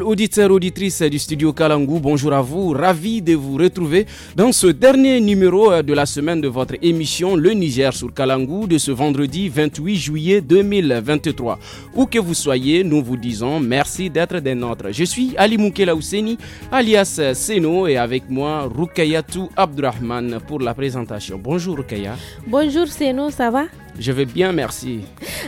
auditeurs, auditrices du studio Kalangou, bonjour à vous. Ravi de vous retrouver dans ce dernier numéro euh, de la semaine de votre émission Le Niger sur Kalangou de ce vendredi 28 juillet 2023. Où que vous soyez, nous vous disons merci d'être des nôtres. Je suis Ali Moukela alias euh, Seno, et avec moi Rukayatou Abdurrahman pour la présentation. Bonjour Rukaya. Bonjour Seno, ça va je vais bien, merci.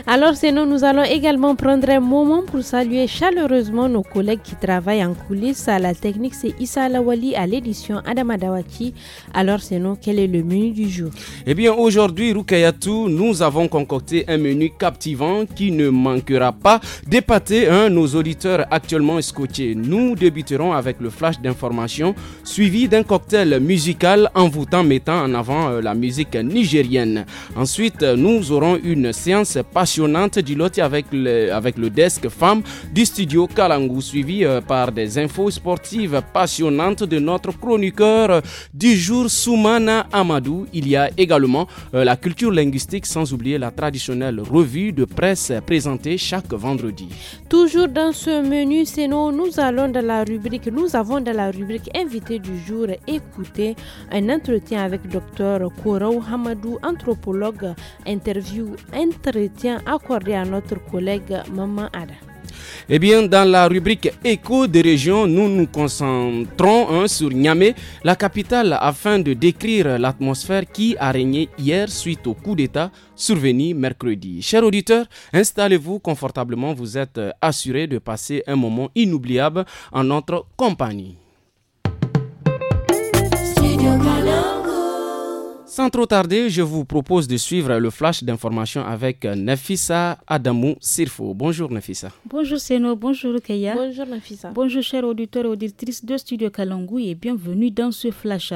Alors, sinon, nous allons également prendre un moment pour saluer chaleureusement nos collègues qui travaillent en coulisses à la technique. C'est Issa Lawali à l'édition adamadawaki Alors, sinon, quel est le menu du jour Eh bien, aujourd'hui, Rukayatu, nous avons concocté un menu captivant qui ne manquera pas d'épater hein, nos auditeurs actuellement scotchés. Nous débuterons avec le flash d'information suivi d'un cocktail musical en envoûtant mettant en avant euh, la musique nigérienne. Ensuite, nous nous aurons une séance passionnante du lot avec le, avec le desk femme du studio Kalangu, suivi euh, par des infos sportives passionnantes de notre chroniqueur du jour Soumana Amadou. Il y a également euh, la culture linguistique sans oublier la traditionnelle revue de presse présentée chaque vendredi. Toujours dans ce menu, sinon nous allons dans la rubrique, nous avons dans la rubrique invité du jour écouter un entretien avec docteur Kourou Hamadou, anthropologue, interview, entretien accordé à notre collègue Maman Ada. Eh bien, dans la rubrique Écho des régions, nous nous concentrons hein, sur Niamey, la capitale, afin de décrire l'atmosphère qui a régné hier suite au coup d'État survenu mercredi. Chers auditeurs, installez-vous confortablement, vous êtes assurés de passer un moment inoubliable en notre compagnie. Sans trop tarder, je vous propose de suivre le flash d'information avec euh, Nafissa Adamou Sirfo. Bonjour Nafissa. Bonjour Seno, bonjour Keya. Bonjour Nafissa. Bonjour chers auditeurs et auditrices de Studio Kalangou et bienvenue dans ce flash.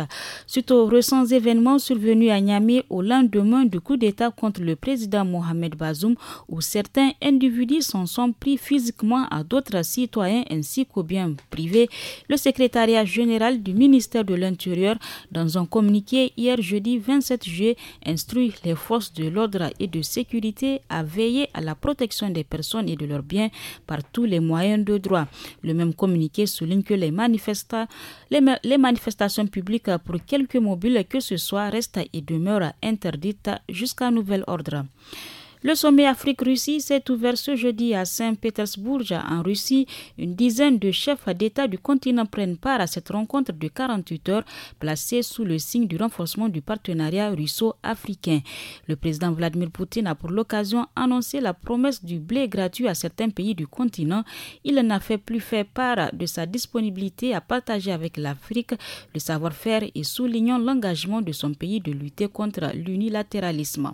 Suite aux récents événements survenus à Niamey au lendemain du coup d'État contre le président Mohamed Bazoum, où certains individus s'en sont pris physiquement à d'autres citoyens ainsi qu'aux biens privés, le secrétariat général du ministère de l'Intérieur, dans un communiqué hier jeudi 27 juillet instruit les forces de l'ordre et de sécurité à veiller à la protection des personnes et de leurs biens par tous les moyens de droit. Le même communiqué souligne que les, les manifestations publiques pour quelques mobiles que ce soit restent et demeurent interdites jusqu'à nouvel ordre. Le sommet Afrique-Russie s'est ouvert ce jeudi à Saint-Pétersbourg, en Russie. Une dizaine de chefs d'État du continent prennent part à cette rencontre de 48 heures placée sous le signe du renforcement du partenariat russo-africain. Le président Vladimir Poutine a pour l'occasion annoncé la promesse du blé gratuit à certains pays du continent. Il n'a fait plus fait part de sa disponibilité à partager avec l'Afrique le savoir-faire et soulignant l'engagement de son pays de lutter contre l'unilatéralisme.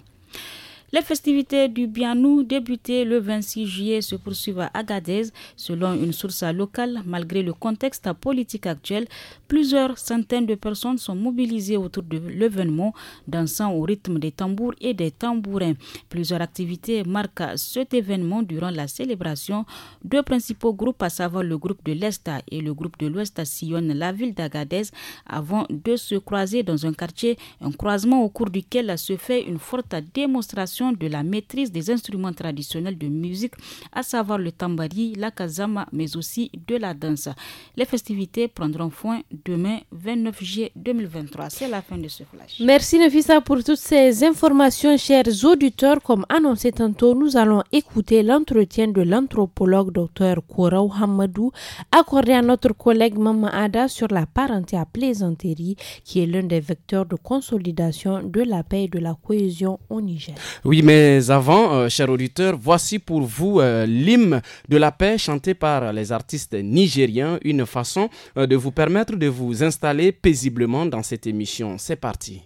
Les festivités du Bianou débutées le 26 juillet se poursuivent à Agadez. Selon une source locale, malgré le contexte politique actuel, plusieurs centaines de personnes sont mobilisées autour de l'événement, dansant au rythme des tambours et des tambourins. Plusieurs activités marquent cet événement durant la célébration. Deux principaux groupes, à savoir le groupe de l'Est et le groupe de l'Ouest, sillonnent la ville d'Agadez avant de se croiser dans un quartier, un croisement au cours duquel se fait une forte démonstration de la maîtrise des instruments traditionnels de musique, à savoir le tambari, la kazama, mais aussi de la danse. Les festivités prendront fin demain 29 juillet 2023. C'est la fin de ce flash. Merci Nefissa pour toutes ces informations, chers auditeurs. Comme annoncé tantôt, nous allons écouter l'entretien de l'anthropologue Dr Kouraou Hamadou accordé à notre collègue Mama Ada sur la parenté à plaisanterie qui est l'un des vecteurs de consolidation de la paix et de la cohésion au Niger. Oui, mais avant, euh, cher auditeur, voici pour vous euh, l'hymne de la paix chanté par les artistes nigériens, une façon euh, de vous permettre de vous installer paisiblement dans cette émission. C'est parti.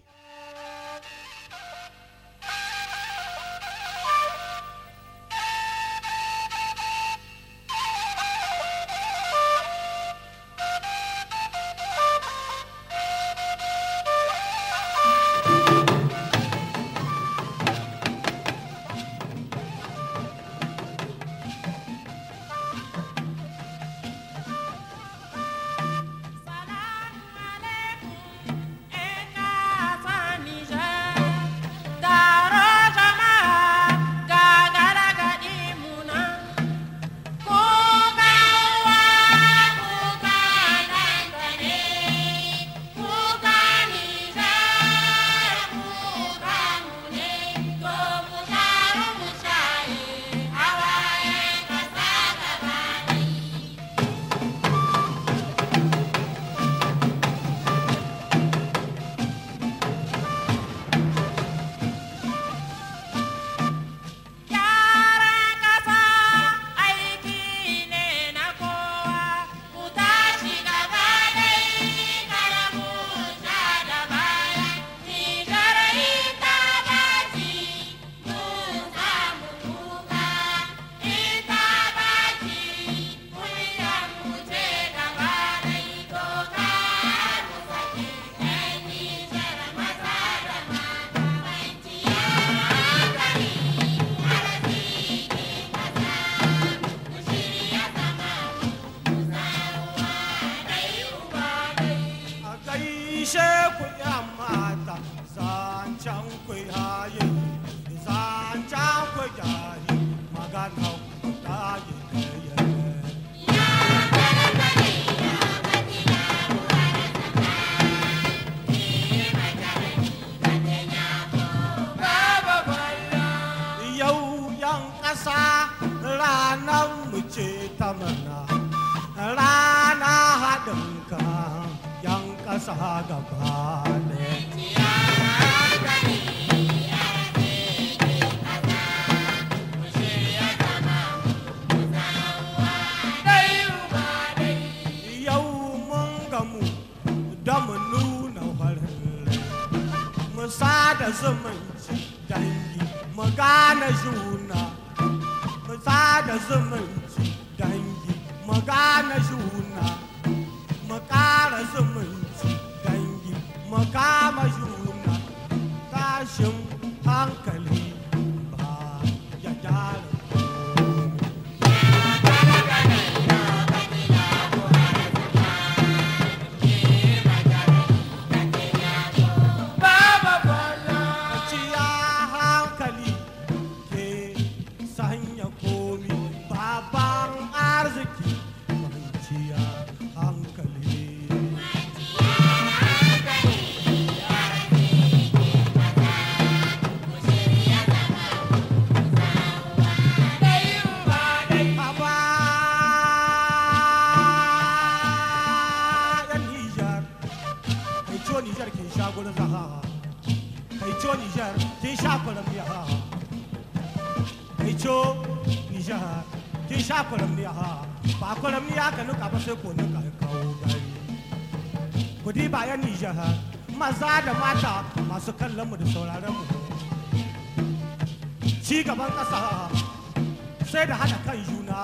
sai da hada kan juna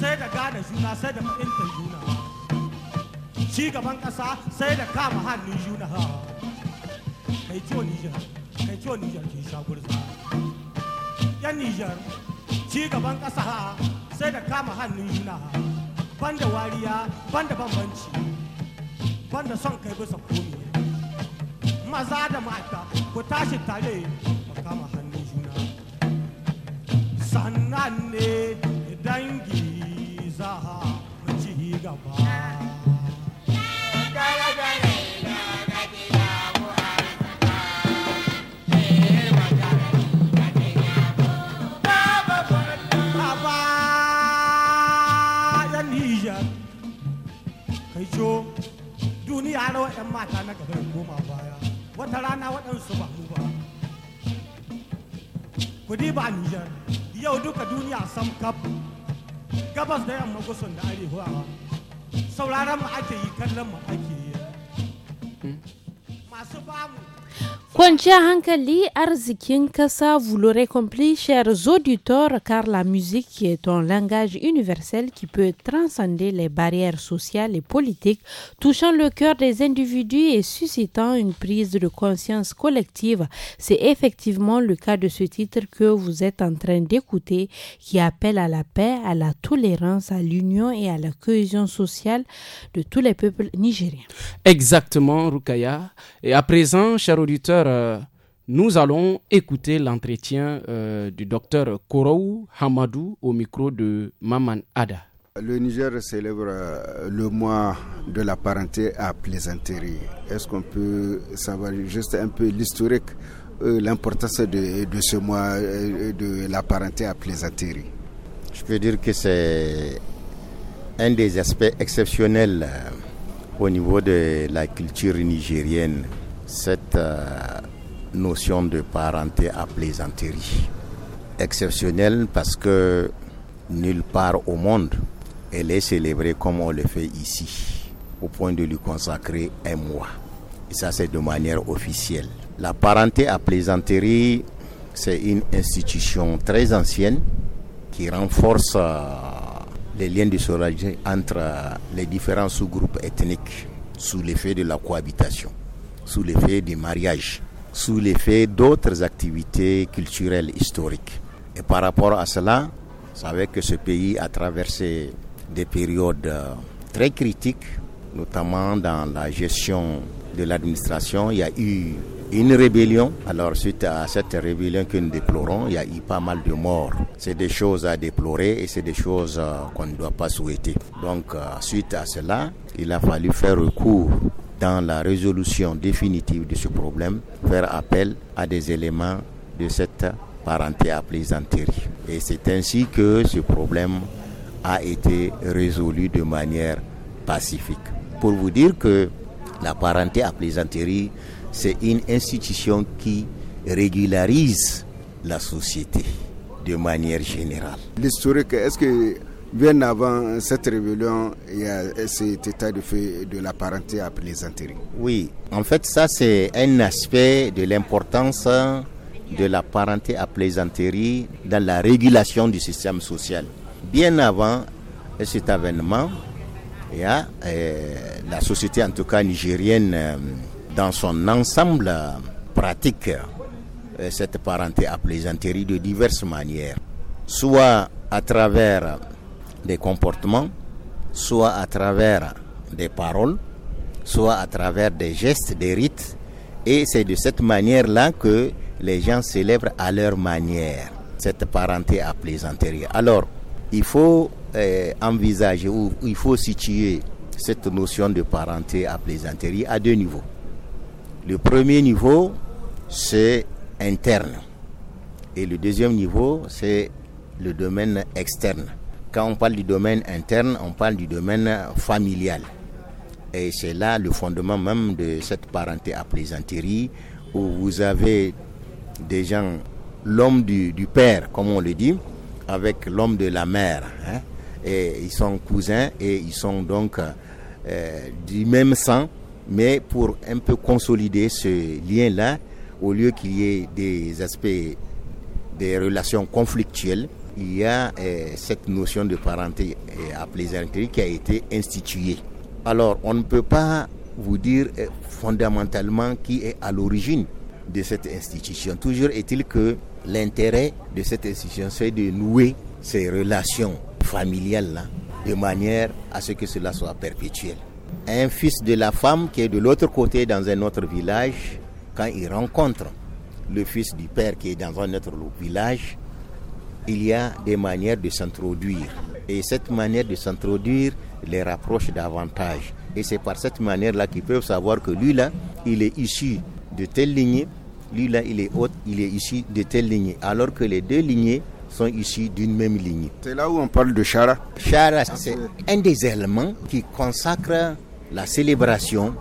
sai da gane juna sai da fahimtar juna ci gaban ƙasa sai da kama hannun juna ha kai ciwo nijar kai ciwo nijar ke sha gurza yan nijar ci gaban ƙasa ha sai da kama hannun juna ha banda wariya banda bambanci banda son kai bisa komi maza da mata ku tashi tare ne dangi za mu ci gaba. Kaijo duniya rawa 'yan mata na gaba goma baya wata rana waɗansu ba mu ba. Kudi ba Nijar. yau duka duniya sam kafu gabas da yamma gusun da arewa sauraron mu ake yi kallon mu ake yi hmm? masu bamu bonjour hankali arzikin kasa, vous l'aurez compris, chers auditeurs, car la musique est un langage universel qui peut transcender les barrières sociales et politiques, touchant le cœur des individus et suscitant une prise de conscience collective. C'est effectivement le cas de ce titre que vous êtes en train d'écouter, qui appelle à la paix, à la tolérance, à l'union et à la cohésion sociale de tous les peuples nigériens. Exactement, Rukaya. Et à présent, chers auditeurs, euh, nous allons écouter l'entretien euh, du docteur Korou Hamadou au micro de Maman Ada. Le Niger célèbre euh, le mois de la parenté à plaisanterie. Est-ce qu'on peut savoir juste un peu l'historique, l'importance de ce mois de la parenté à plaisanterie Je peux dire que c'est un des aspects exceptionnels au niveau de la culture nigérienne cette euh, notion de parenté à plaisanterie. Exceptionnelle parce que nulle part au monde, elle est célébrée comme on le fait ici, au point de lui consacrer un mois. Et ça, c'est de manière officielle. La parenté à plaisanterie, c'est une institution très ancienne qui renforce euh, les liens de solidarité entre euh, les différents sous-groupes ethniques sous l'effet de la cohabitation sous l'effet du mariage, sous l'effet d'autres activités culturelles historiques. Et par rapport à cela, vous savez que ce pays a traversé des périodes euh, très critiques, notamment dans la gestion de l'administration. Il y a eu une rébellion. Alors suite à cette rébellion que nous déplorons, il y a eu pas mal de morts. C'est des choses à déplorer et c'est des choses euh, qu'on ne doit pas souhaiter. Donc euh, suite à cela, il a fallu faire recours dans la résolution définitive de ce problème, faire appel à des éléments de cette parenté à plaisanterie. Et c'est ainsi que ce problème a été résolu de manière pacifique. Pour vous dire que la parenté à plaisanterie, c'est une institution qui régularise la société de manière générale. L'historique, est-ce que Bien avant cette rébellion, il y a cet état de fait de la parenté à plaisanterie. Oui, en fait, ça c'est un aspect de l'importance de la parenté à plaisanterie dans la régulation du système social. Bien avant cet événement, il y euh, la société, en tout cas nigérienne, euh, dans son ensemble, pratique euh, cette parenté à plaisanterie de diverses manières, soit à travers des comportements, soit à travers des paroles, soit à travers des gestes, des rites. Et c'est de cette manière-là que les gens célèbrent à leur manière cette parenté à plaisanterie. Alors, il faut euh, envisager ou il faut situer cette notion de parenté à plaisanterie à deux niveaux. Le premier niveau, c'est interne. Et le deuxième niveau, c'est le domaine externe. Quand on parle du domaine interne, on parle du domaine familial. Et c'est là le fondement même de cette parenté à plaisanterie, où vous avez des gens, l'homme du, père, comme on le dit, avec l'homme de la mère. Hein. et ils sont cousins et ils sont donc euh, du même sang, mais pour un peu consolider ce lien-là, au lieu qu'il y ait des aspects, des relations conflictuelles, il y a eh, cette notion de parenté eh, à plaisanterie qui a été instituée. Alors, on ne peut pas vous dire eh, fondamentalement qui est à l'origine de cette institution. Toujours est-il que l'intérêt de cette institution, c'est de nouer ces relations familiales-là hein, de manière à ce que cela soit perpétuel. Un fils de la femme qui est de l'autre côté dans un autre village, quand il rencontre le fils du père qui est dans un autre village, il y a des manières de s'introduire. Et cette manière de s'introduire les rapproche davantage. Et c'est par cette manière-là qu'ils peuvent savoir que lui-là, il est issu de telle lignée, lui-là, il est autre, il est issu de telle lignée. Alors que les deux lignées sont issues d'une même lignée. C'est là où on parle de Chara. Chara, c'est un des éléments qui consacre la célébration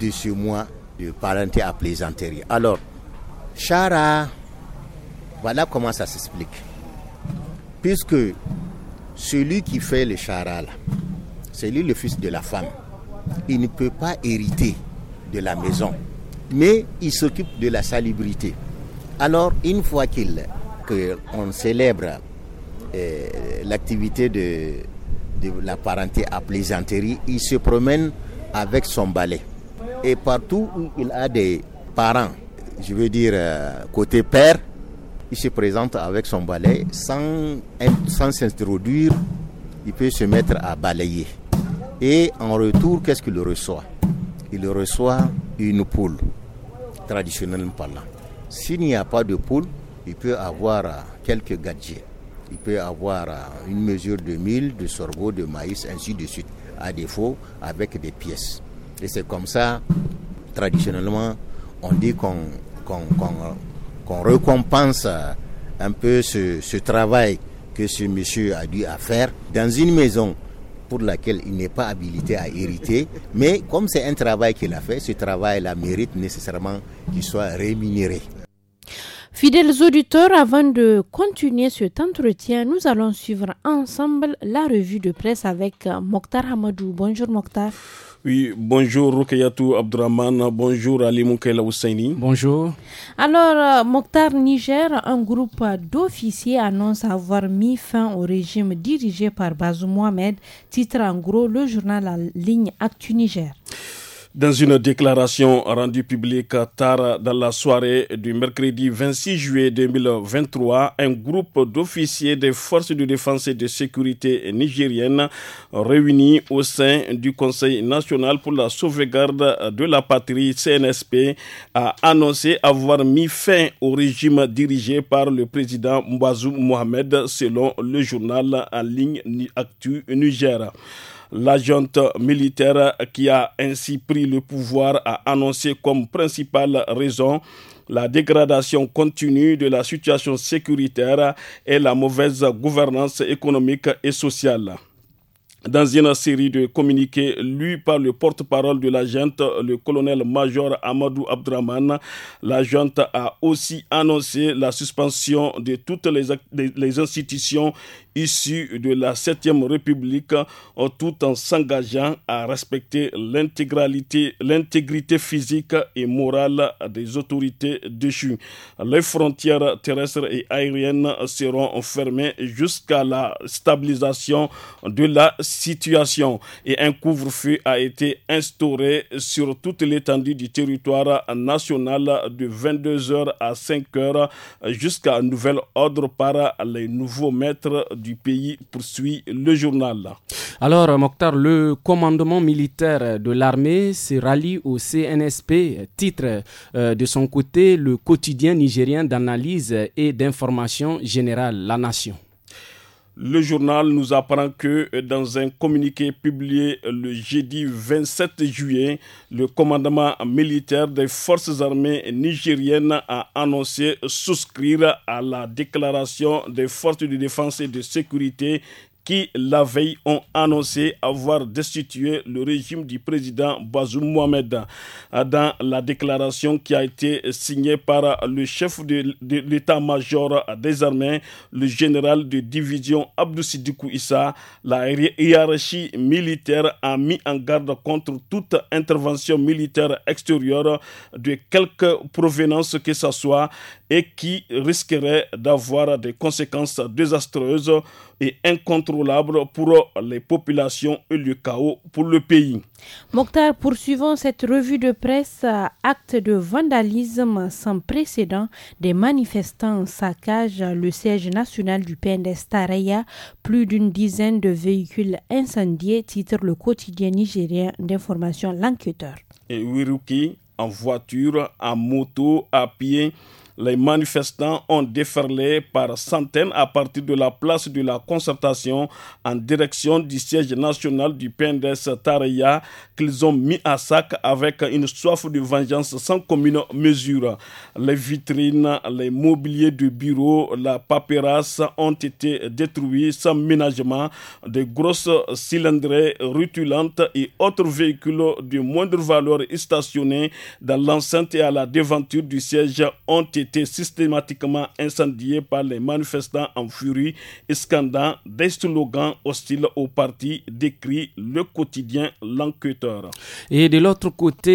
de ce mois de parenté à plaisanterie. Alors, Chara voilà comment ça s'explique. Puisque celui qui fait le charal, c'est lui le fils de la femme. Il ne peut pas hériter de la maison, mais il s'occupe de la salubrité. Alors, une fois qu'il qu'on célèbre euh, l'activité de, de la parenté à plaisanterie, il se promène avec son balai. Et partout où il a des parents, je veux dire euh, côté père, il se présente avec son balai sans s'introduire, il peut se mettre à balayer. Et en retour, qu'est-ce qu'il reçoit Il reçoit une poule, traditionnellement parlant. S'il n'y a pas de poule, il peut avoir euh, quelques gadgets. Il peut avoir euh, une mesure de mille de sorgho, de maïs, ainsi de suite, à défaut avec des pièces. Et c'est comme ça, traditionnellement, on dit qu'on qu'on récompense euh, un peu ce, travail que ce monsieur a dû faire dans une maison pour laquelle il n'est pas habilité à hériter. Mais comme c'est un travail qu'il a fait, ce travail-là mérite nécessairement qu'il soit rémunéré. Fidèles auditeurs, avant de continuer cet entretien, nous allons suivre ensemble la revue de presse avec Mokhtar Hamadou. Bonjour Mokhtar. Oui, bonjour Rukayatou Abdraman, bonjour Ali Moukela Ousseini. Bonjour. Alors, euh, Mokhtar Niger, un groupe d'officiers annonce avoir mis fin au régime dirigé par Bazou Mohamed, titre en gros le journal en ligne Actu Niger. Dans une déclaration rendue publique tard dans la soirée du mercredi 26 juillet 2023, un groupe d'officiers des forces de défense et de sécurité nigériennes réunis au sein du Conseil national pour la sauvegarde de la patrie CNSP a annoncé avoir mis fin au régime dirigé par le président Mbazou Mohamed selon le journal en ligne Actu Niger. L'agente militaire qui a ainsi pris le pouvoir a annoncé comme principale raison la dégradation continue de la situation sécuritaire et la mauvaise gouvernance économique et sociale. Dans une série de communiqués lus par le porte-parole de l'agente, le colonel-major Amadou Abdraman, l'agente a aussi annoncé la suspension de toutes les institutions issus de la 7e République euh, tout en s'engageant à respecter l'intégralité, l'intégrité physique et morale des autorités déchues. Les frontières terrestres et aériennes seront fermées jusqu'à la stabilisation de la situation et un couvre-feu a été instauré sur toute l'étendue du territoire national de 22h à 5h jusqu'à nouvel ordre par les nouveaux maîtres du pays, poursuit le journal. Alors, Mokhtar, le commandement militaire de l'armée se rallie au CNSP, titre euh, de son côté le quotidien nigérien d'analyse et d'information générale, La Nation. Le journal nous apprend que euh, dans un communiqué publié euh, le jeudi 27 juillet, le commandement militaire des forces armées nigériennes a annoncé souscrire à la déclaration des forces de défense et de sécurité qui la veille ont annoncé avoir destitué le régime du président Bazoum Mohamed. Ah, dans la déclaration qui a été signée par le chef de, l'état-major des armées, le général de division Abdou Sidikou Issa, la hiérarchie militaire a mis en garde contre toute intervention militaire extérieure de quelque provenance que ce soit et qui risquerait d'avoir des conséquences désastreuses et incontrôlable pour les populations et le chaos pour le pays. Mokhtar, poursuivant cette revue de presse, acte de vandalisme sans précédent des manifestants saccagent le siège national du PNDS Taraya. Plus d'une dizaine de véhicules incendiés, titre le quotidien nigérien d'information L'Enquêteur. Et Wiruki, en voiture, à moto, à pied, les manifestants ont déferlé par centaines à partir de la place de la concertation en direction du siège national du PNDS Taraya qu'ils ont mis à sac avec une soif de vengeance sans commune mesure. Les vitrines, les mobiliers de bureau, la paperasse ont été détruits sans ménagement. De grosses cylindrées rutilantes et autres véhicules de moindre valeur stationnés dans l'enceinte et à la devanture du siège ont été était systématiquement incendié par les manifestants en furie, scandant des slogans hostiles au parti, décrit le quotidien L'Enquêteur. Et de l'autre côté,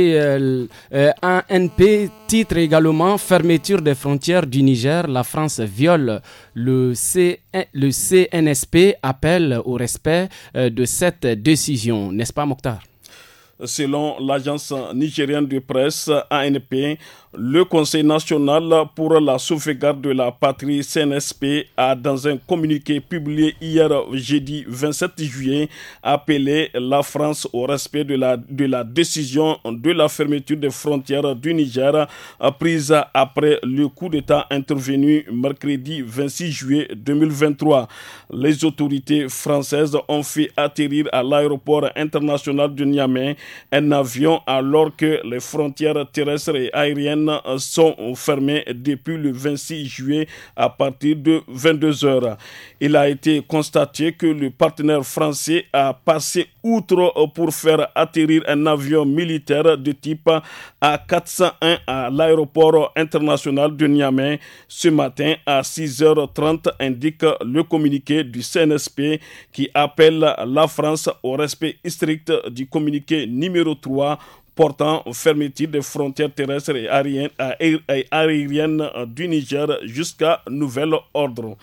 ANP euh, euh, titre également Fermeture des frontières du Niger, la France viole le, le CNSP appelle au respect euh, de cette décision, n'est-ce pas Mokhtar Selon l'agence nigérienne de presse ANP, le Conseil national pour la sauvegarde de la patrie CNSP a, dans un communiqué publié hier jeudi 27 juillet, appelé la France au respect de la, décision de la fermeture des frontières du Niger prise après le coup d'État intervenu mercredi 26 juillet 2023. Les autorités françaises ont fait atterrir à l'aéroport international de Niamey un avion alors que les frontières terrestres et aériennes sont fermés depuis le 26 juillet à partir de 22 h Il a été constaté que le partenaire français a passé outre pour faire atterrir un avion militaire de type A401 à l'aéroport international de Niamey ce matin à 6h30, indique le communiqué du CNSP qui appelle la France au respect strict du communiqué numéro 3 portant fermeture des frontières terrestres et aériennes du Niger jusqu'à nouvel ordre.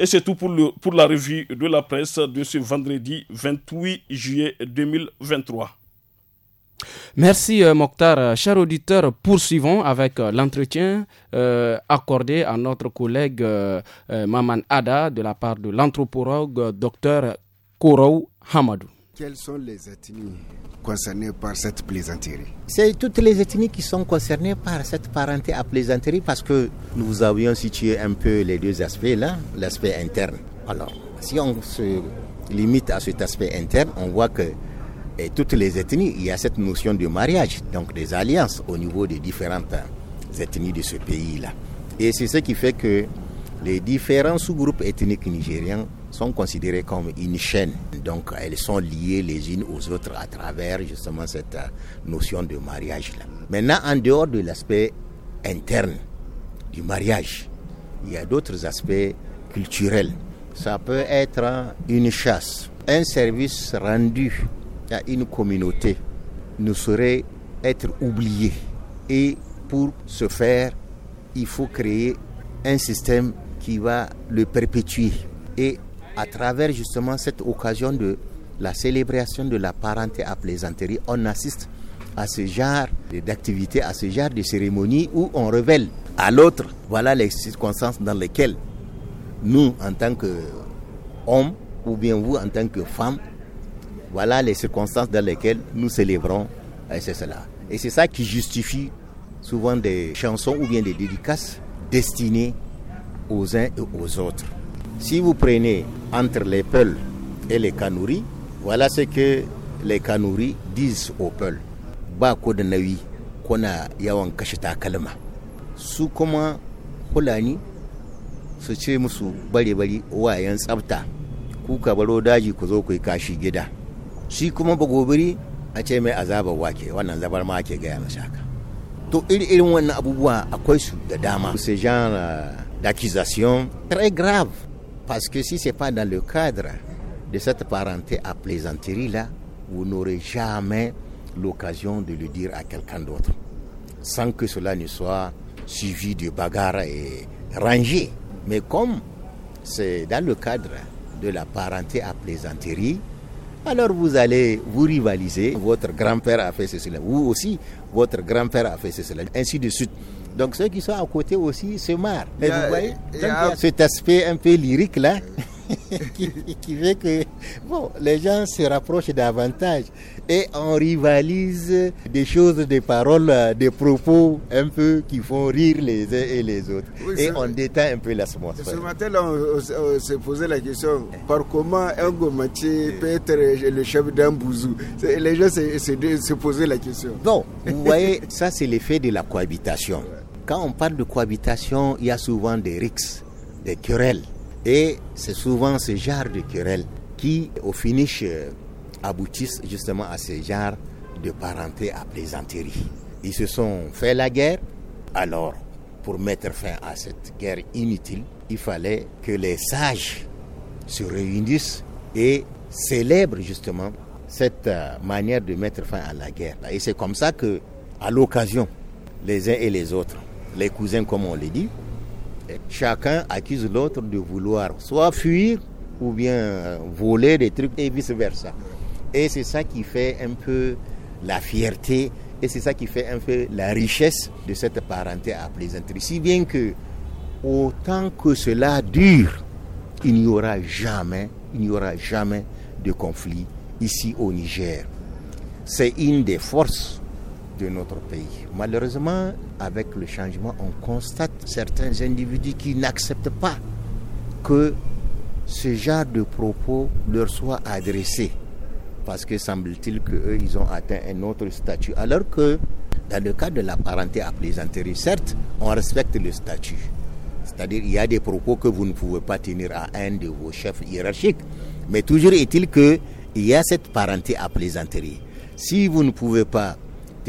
Et c'est tout pour, le, pour la revue de la presse de ce vendredi 28 juillet 2023. Merci euh, Mokhtar. Chers auditeur, poursuivons avec euh, l'entretien euh, accordé à notre collègue Maman Ada de la part de l'anthropologue Dr Kourou Hamadou. Quelles sont les ethnies concernées par cette plaisanterie C'est toutes les ethnies qui sont concernées par cette parenté à plaisanterie parce que nous avions situé un peu les deux aspects là, l'aspect interne. Alors, si on se limite à cet aspect interne, on voit que et toutes les ethnies, il y a cette notion de mariage, donc des alliances au niveau des différentes ethnies de ce pays-là. Et c'est ce qui fait que les différents sous-groupes ethniques nigériens sont considérées comme une chaîne. Donc elles sont liées les unes aux autres à travers justement cette euh, notion de mariage-là. Maintenant, en dehors de l'aspect interne du mariage, il y a d'autres aspects culturels. Ça peut être hein, une chasse, un service rendu à une communauté ne saurait être oublié. Et pour ce faire, il faut créer un système qui va le perpétuer. Et à travers justement cette occasion de la célébration de la parenté à plaisanterie, on assiste à ce genre d'activité, à ce genre de cérémonie où on révèle à l'autre, voilà les circonstances dans lesquelles nous, en tant qu'hommes, ou bien vous, en tant que femmes, voilà les circonstances dans lesquelles nous célébrons, et c'est cela. Et c'est ça qui justifie souvent des chansons ou bien des dédicaces destinées aux uns et aux autres. Si vous prenez entre les Peuls et les canouris, voilà ce que les canouris disent aux Peuls. Ba ko da nauyi kuna yawan kashe takalma. Su kuma Fulani su ce musu bare-bari wayan tsafta kuka baro daji ku zo ku yi kashi gida. Shi kuma bagobiri a ce mai azabar wake wannan zabar ma ke gaya masa haka. To iri-irin wannan abubuwa akwai su da dama. Ces genre euh, d'accusation très grave Parce que si ce n'est pas dans le cadre de cette parenté à plaisanterie-là, vous n'aurez jamais l'occasion de le dire à quelqu'un d'autre, sans que cela ne soit suivi de bagarre et rangé. Mais comme c'est dans le cadre de la parenté à plaisanterie, alors vous allez vous rivaliser. Votre grand-père a fait ceci, vous aussi, votre grand-père a fait cela, ainsi de suite. Donc ceux qui sont à côté aussi se marrent. Mais vous voyez, il y a cet aspect un peu lyrique là. qui, fait que bon, les gens se rapprochent davantage et on rivalise des choses, des paroles, des propos un peu qui font rire les uns et les autres. et on détend un peu la semence. Ce matin-là, on, s'est posé la question par comment un peut être le chef d'un bouzou Les gens se, posaient la question. Non, vous voyez, ça c'est l'effet de la cohabitation. Quand on parle de cohabitation, il y a souvent des rixes, des querelles. Et c'est souvent ce genre de querelles qui, au finish, euh, aboutissent justement à ce genre de parenté à plaisanterie. Ils se sont fait la guerre, alors pour mettre fin à cette guerre inutile, il fallait que les sages se réunissent et célèbrent justement cette euh, manière de mettre fin à la guerre. Et c'est comme ça que, à l'occasion, les uns et les autres les cousins comme on le dit, chacun accuse l'autre de vouloir soit fuir ou bien euh, voler des trucs et vice-versa. Et c'est ça qui fait un peu la fierté et c'est ça qui fait un peu la richesse de cette parenté à plaisanterie. Si bien que autant que cela dure, il n'y aura jamais, il n'y aura jamais de conflit ici au Niger. C'est une des forces de notre pays. Malheureusement, avec le changement, on constate certains individus qui n'acceptent pas que ce genre de propos leur soit adressé. Parce que semble-t-il qu'ils ils ont atteint un autre statut. Alors que dans le cas de la parenté à plaisanterie, certes, on respecte le statut. C'est-à-dire il y a des propos que vous ne pouvez pas tenir à un de vos chefs hiérarchiques. Mais toujours est-il qu'il y a cette parenté à plaisanterie. Si vous ne pouvez pas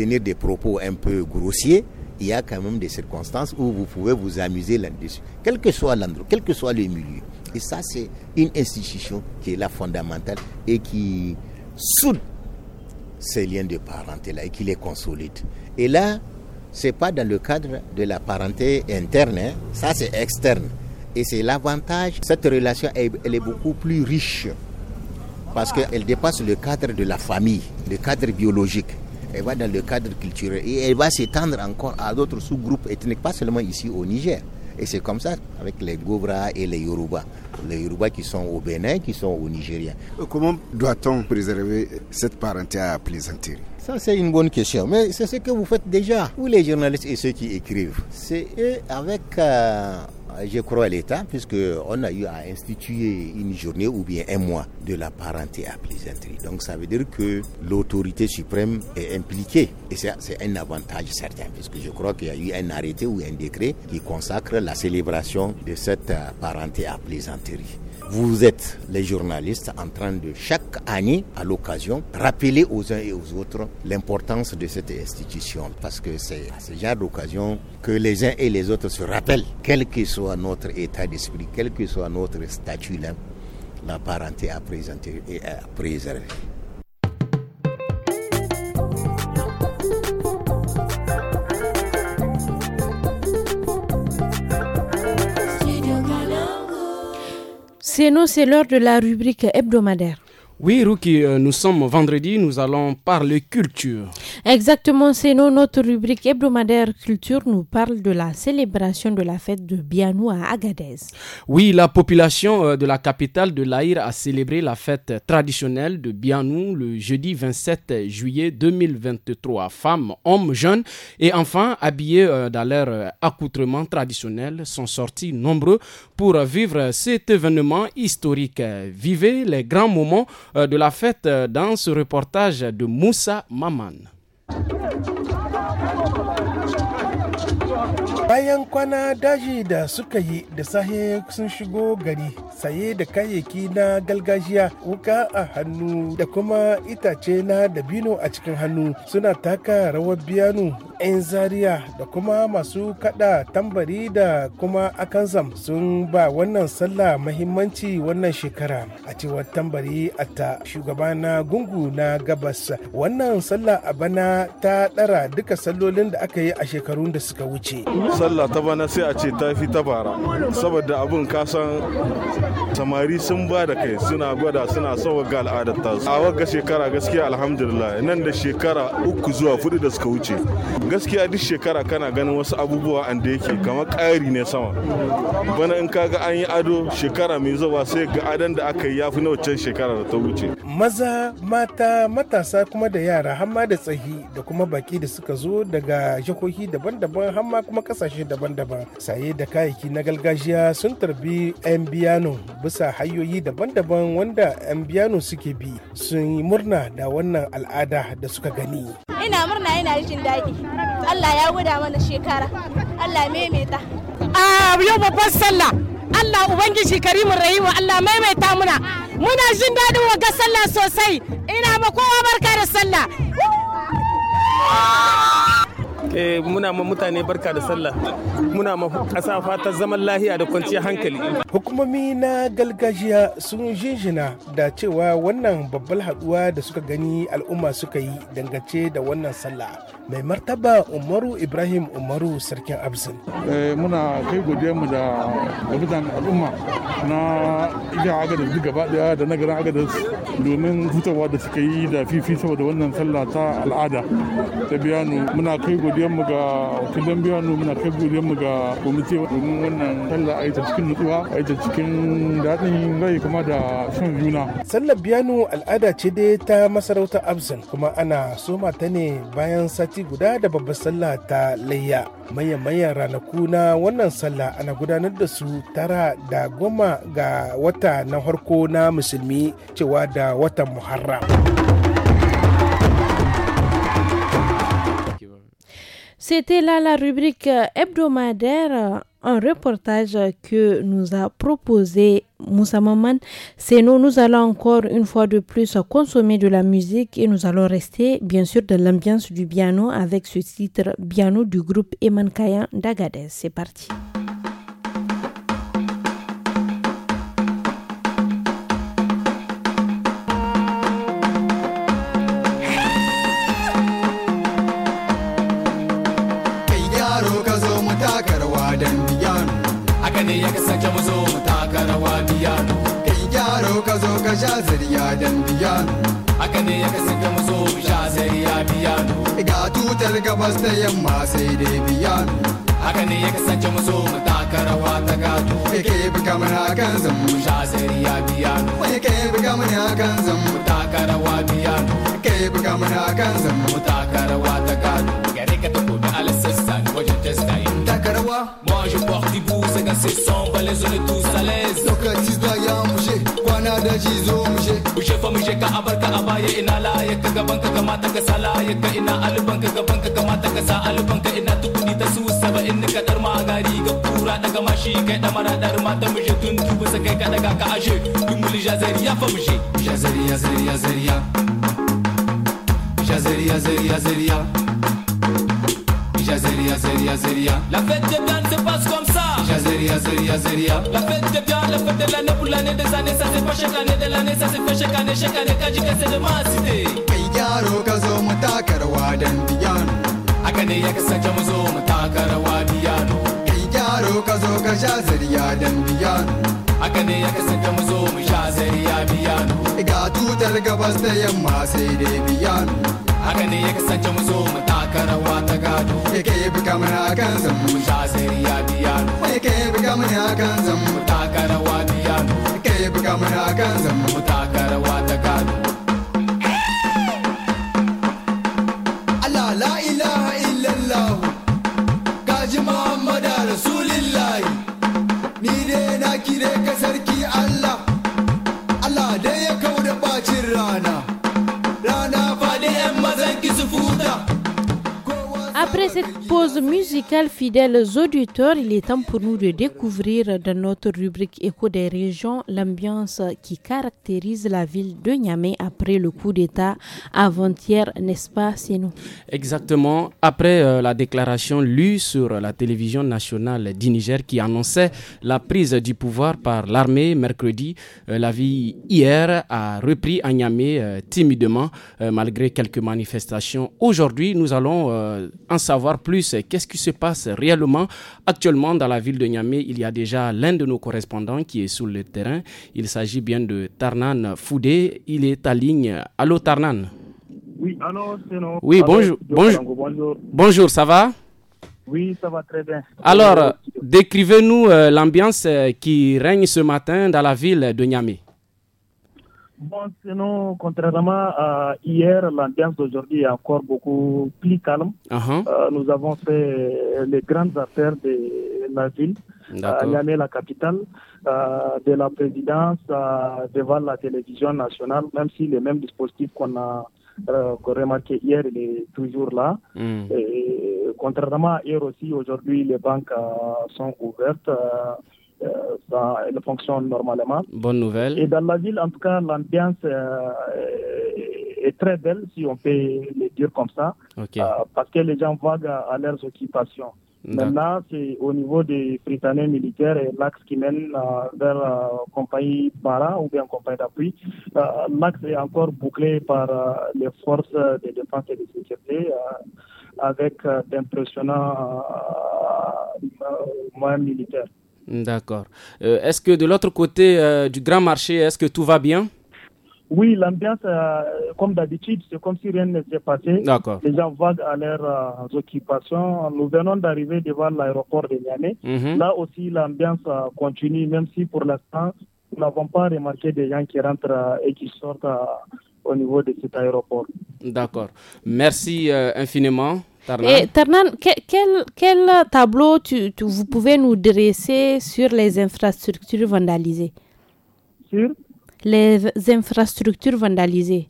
des propos un peu grossiers, il y a quand même des circonstances où vous pouvez vous amuser là-dessus, quel que soit l'endroit, quel que soit le milieu. Et ça, c'est une institution qui est là fondamentale et qui soude ces liens de parenté-là et qui les consolide. Et là, ce n'est pas dans le cadre de la parenté interne, hein. ça c'est externe. Et c'est l'avantage, cette relation, elle est beaucoup plus riche parce qu'elle dépasse le cadre de la famille, le cadre biologique elle va dans le cadre culturel et elle va s'étendre encore à d'autres sous-groupes ethniques, pas seulement ici au Niger. Et c'est comme ça avec les Gobra et les Yoruba. Les Yoruba qui sont au Bénin, qui sont au Nigeria. Euh, comment doit-on préserver cette parenté à plaisanterie ça, c'est une bonne question. Mais c'est ce que vous faites déjà. Ou les journalistes et ceux qui écrivent. C'est eux, avec euh, je crois, à l'État, puisqu'on a eu à instituer une journée ou bien un mois de la parenté à plaisanterie. Donc ça veut dire que l'autorité suprême est impliquée. Et c'est un avantage certain, puisque je crois qu'il y a eu un arrêté ou un décret qui consacre la célébration de cette euh, parenté à plaisanterie. Vous êtes les journalistes en train de chaque année, à l'occasion, rappeler aux uns et aux autres l'importance de cette institution. Parce que c'est à ce genre d'occasion que les uns et les autres se rappellent, quel que soit notre état d'esprit, quel que soit notre statut, la parenté à présenter et à préserver. C'est l'heure de la rubrique hebdomadaire. Oui, Rookie, euh, nous sommes vendredi, nous allons parler culture. Exactement, c'est nous, notre rubrique hebdomadaire culture nous parle de la célébration de la fête de Bianou à Agadez. Oui, la population euh, de la capitale de l'Aïr a célébré la fête traditionnelle de Bianou le jeudi 27 juillet 2023. Femmes, hommes, jeunes et enfants habillés euh, dans leur euh, accoutrement traditionnel sont sortis nombreux pour vivre cet événement historique. Vivez les grands moments de la fête dans ce reportage de Moussa Maman. Yeah. bayan kwana daji da suka yi da sahe sun shigo gari saye da kayayyaki na galgajiya wuka a hannu da kuma itace na dabino a cikin hannu suna taka rawar biyanu 'yan zaria da kuma masu kada tambari da kuma zam sun ba wannan sallah mahimmanci wannan shekara a cewar tambari a ta shugaba na gungu na gabas wannan sallah a bana ta dara duka sallolin da aka yi a shekarun da suka wuce sallah ta bana sai a ce ta fi ta bara saboda abin kasan samari sun ba da kai suna gwada suna son ga al'adar tasu a wagga shekara gaskiya alhamdulillah nan da shekara uku zuwa hudu da suka wuce gaskiya duk shekara kana ganin wasu abubuwa an da yake kamar ƙari ne sama bana in kaga an yi ado shekara mai zuwa sai ga adan da aka yi ya fi na shekara da ta wuce maza mata matasa kuma da yara hamma da tsahi da kuma baki da suka zo daga jihohi daban-daban hamma kuma ƙasashe kasashe daban-daban saye da kayayyaki na gargajiya sun tarbi 'yan biyano bisa hanyoyi daban-daban wanda 'yan biyano suke bi sun yi murna da wannan al'ada da suka gani ina murna ina jin daɗi allah ya guda mana shekara allah maimaita a yau babban sallah allah ubangiji karimin rahimu allah maimaita muna muna jin daɗin wa sallah sosai ina ma kowa barka da sallah Eh, muna ma mutane barka da sallah muna ma ƙasa fatan zaman lahiya da kwanciyar hankali hukumomi na galgajiya sun jinjina da cewa wannan babbar haduwa da suka gani al'umma suka yi dangance da wannan sallah mai martaba umaru ibrahim umaru sarkin absin eh, muna kai godiya mu da gabitan al'umma na iya agadar duk gaba daya da nagarin agadar domin hutawa da suka yi da fifi saboda wannan sallah ta al'ada ta biyanu muna kai godiya mu ga wakilan biyan mu muna kai godiyar mu ga kwamiti domin wannan talla a ita cikin nutsuwa a ita cikin daɗin rai kuma da shan juna. Sallar biyanu al'ada ce dai ta masarautar Absin kuma ana soma ta ne bayan sati guda da babbar sallah ta layya. Manyan-manyan ranaku na wannan sallah ana gudanar da su tara da goma ga wata na farko na musulmi cewa da watan Muharram. C'était là la rubrique euh, hebdomadaire, euh, un reportage que nous a proposé Moussa Maman. C'est nous, nous allons encore une fois de plus consommer de la musique et nous allons rester bien sûr dans l'ambiance du piano avec ce titre piano du groupe Eman Kayan d'Agadez. C'est parti. jazir ya dan biyano haka ne ya kasu ga maso jazir ya biyano ga tutar gabas da yamma sai dai biyano haka ne ya kasance maso mataka rawa ta gato yake bi kamar hakan zan mu jazir ya biyano yake bi kamar hakan zan mu taka rawa biyano yake bi kamar hakan zan mu taka rawa ta gato gare ka ta gobe alassassan wajen testa yin taka rawa moi je porte du bout c'est gassé sans balais on est tous à l'aise donc la 10 da shi zo mu she ku shefa mu ka a barka a baya ina layak ka gaban ka kamata ka sa layak ka ina alban ka gaban ka kamata ka sa alban ka ina tukuni ta su saba'in ni ka dar magari ga kura daga mashi kai damara dar mata mu she tun tubu sa kai ka daga ka ashe dumuli jazariya fa mu she jazariya zariya zariya jazariya zariya zariya jazariya zariya zariya la fête de Dan se passe comme ça Seria, seria, seria La fête c'est bien, la fête de l'année pour l'année des années Ça c'est pas chaque année de l'année, ça c'est fait chaque année Chaque année ka ji ka sai da masite Kai yaro ka zo mu taka rawa dan biyano Haka ne ya kasance mu zo mu taka rawa biyano Kai yaro ka zo ka sha zariya ya kasance mu zo mu sha zariya biyano Ga tutar gabas da yamma sai dai haka ne ya kasance mu zo mu taka rawa ta gado yake yi buga mana kan zan mu ta ya biya no yake yi buga mana kan zan mu taka rawa biya no yake yi buga mana kan zan mu taka rawa ta gado musicales musicale, fidèles auditeurs, il est temps pour nous de découvrir dans notre rubrique Écho des régions l'ambiance qui caractérise la ville de Niamey après le coup d'État avant-hier, n'est-ce pas, nous Exactement. Après euh, la déclaration lue sur la télévision nationale du Niger qui annonçait la prise du pouvoir par l'armée mercredi, euh, la vie hier a repris à Niamey euh, timidement malgré quelques manifestations. Aujourd'hui, nous allons en savoir plus Qu'est-ce qui se passe réellement actuellement dans la ville de Niamey Il y a déjà l'un de nos correspondants qui est sur le terrain. Il s'agit bien de Tarnan Foudé. Il est à ligne. Allô Tarnan Oui, allô, c'est Oui, bonjour, bonjour. Bonjour. Bonjour, ça va oui, ça va très bien. Alors, décrivez-nous euh, l'ambiance euh, qui règne ce matin dans la ville de Niamey. Bon, sinon, contrairement à hier, l'ambiance d'aujourd'hui est encore beaucoup plus calme. Uh-huh. Euh, nous avons fait les grandes affaires de la ville, l'année la capitale, euh, de la présidence, euh, devant la télévision nationale, même si les mêmes dispositifs qu'on a remarqué hier, il est toujours là. Hmm. contrairement à hier aussi, aujourd'hui, les banques sont ouvertes. Euh, ça elle fonctionne normalement. Bonne nouvelle. Et dans la ville, en tout cas, l'ambiance euh, est très belle, si on peut le dire comme ça, euh, parce que les gens vaguent à, leurs occupations. Maintenant, c'est au niveau des Britanniques militaires et l'axe qui mène vers la compagnie Bara ou bien compagnie d'appui. l'axe est encore bouclé par les forces de défense et de sécurité avec d'impressionnants moyens militaires. D'accord. Euh, est-ce que de l'autre côté euh, du grand marché, est-ce que tout va bien oui, l'ambiance, euh, comme d'habitude, c'est comme si rien ne s'est passé. Les gens vaguent à leurs occupations. Nous venons d'arriver devant l'aéroport de Niamey. Mhm. Là aussi, l'ambiance continue, même si pour l'instant, nous n'avons pas remarqué des gens qui rentrent et qui sortent au niveau de cet aéroport. D'accord. Merci infiniment. Et Tarnan, eh, quel, tableau tu, vous pouvez nous dresser sur les infrastructures vandalisées Sur Les infrastructures vandalisées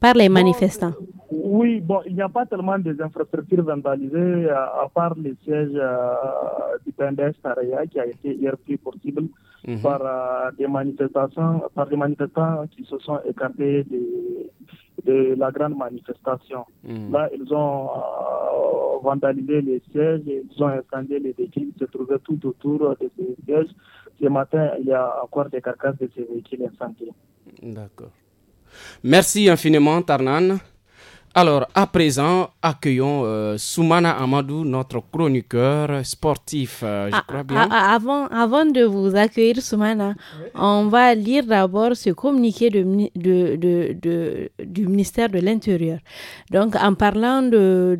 par les manifestants. Oui, bon, il n'y a pas tellement des infrastructures vandalisées, euh, à, part les sièges euh, du PNDS qui a été hier plus pour par, euh, des manifestations, par des manifestants qui se sont écartés des de la grande manifestation. Hmm. Là, ils ont euh, vandalisé les sièges, ils ont incendié les véhicules qui se trouvaient tout autour de ces sièges. Ce matin, il y a encore des carcasses de ces véhicules incendiés. D'accord. Merci infiniment, Tarnan. Alors, à présent, accueillons euh, Soumana Amadou, notre chroniqueur sportif, euh, je ah, crois bien. Ah, ah, avant, avant de vous accueillir, Soumana, on va lire d'abord ce communiqué de, du ministère de l'Intérieur. Donc, en parlant de,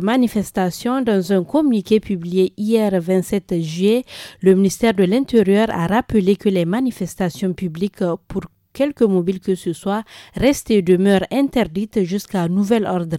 manifestations, dans un communiqué publié hier 27 juillet, le ministère de l'Intérieur a rappelé que les manifestations publiques pour quelque mobile que ce soit reste et demeure interdite jusqu'à nouvel ordre.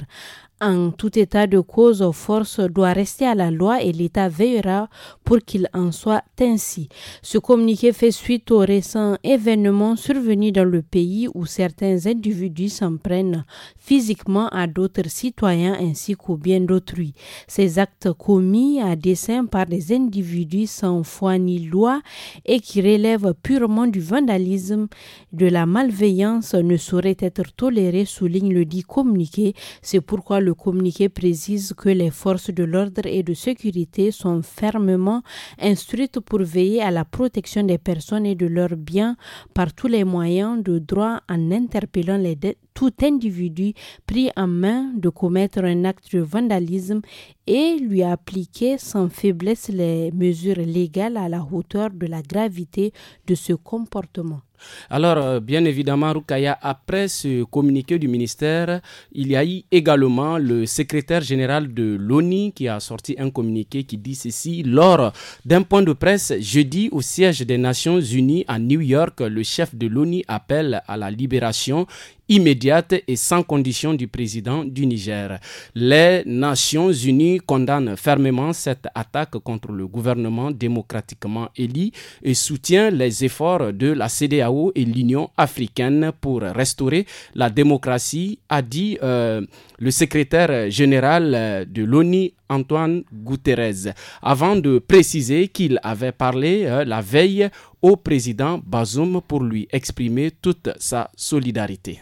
En tout état de cause, force doit rester à la loi et l'État veillera pour qu'il en soit ainsi. Ce communiqué fait suite aux récents événements survenus dans le pays où certains individus s'en prennent physiquement à d'autres citoyens ainsi qu'au bien d'autrui. Ces actes commis à dessein par des individus sans foi ni loi et qui relèvent purement du vandalisme, de la malveillance ne sauraient être tolérés, souligne le dit communiqué. C'est pourquoi le le communiqué précise que les forces de l'ordre et de sécurité sont fermement instruites pour veiller à la protection des personnes et de leurs biens par tous les moyens de droit en interpellant les tout individu pris en main de commettre un acte de vandalisme et lui appliquer sans faiblesse les mesures légales à la hauteur de la gravité de ce comportement. Alors, euh, bien évidemment, Rukaya, après ce communiqué du ministère, il y a eu également le secrétaire général de l'ONU qui a sorti un communiqué qui dit ceci. Lors d'un point de presse jeudi au siège des Nations Unies à New York, le chef de l'ONU appelle à la libération immédiate et sans condition du président du Niger. Les Nations Unies condamnent fermement cette attaque contre le gouvernement démocratiquement élu et soutient les efforts de la CDAO et l'Union africaine pour restaurer la démocratie, a dit euh, le secrétaire général de l'ONU, Antoine Guterres, avant de préciser qu'il avait parlé euh, la veille au président Bazoum pour lui exprimer toute sa solidarité.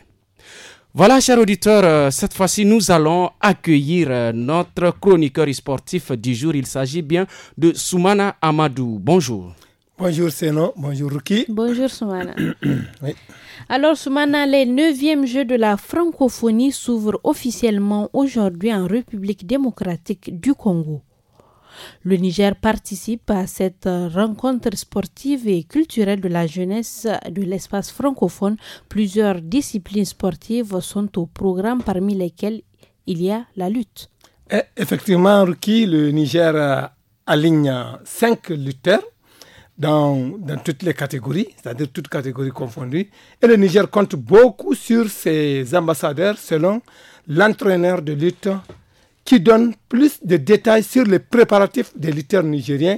Voilà, chers auditeurs, euh, cette fois-ci, nous allons accueillir euh, notre chroniqueur sportif du jour. Il s'agit bien de Soumana Amadou. Bonjour. Bonjour Seno, bonjour Ruki. Bonjour Soumana. Alors Soumana, les 9e Jeux de la francophonie s'ouvrent officiellement aujourd'hui en République démocratique du Congo. Le Niger participe à cette euh, rencontre sportive et culturelle de la jeunesse de l'espace francophone. Plusieurs disciplines sportives sont au programme parmi lesquelles il y a la lutte. effectivement, Ruki, le Niger euh, aligne cinq lutteurs dans, dans, toutes les catégories, c'est-à-dire toutes catégories confondues. Et le Niger compte beaucoup sur ses ambassadeurs selon l'entraîneur de lutte qui donne plus de détails sur les préparatifs des lutteurs nigériens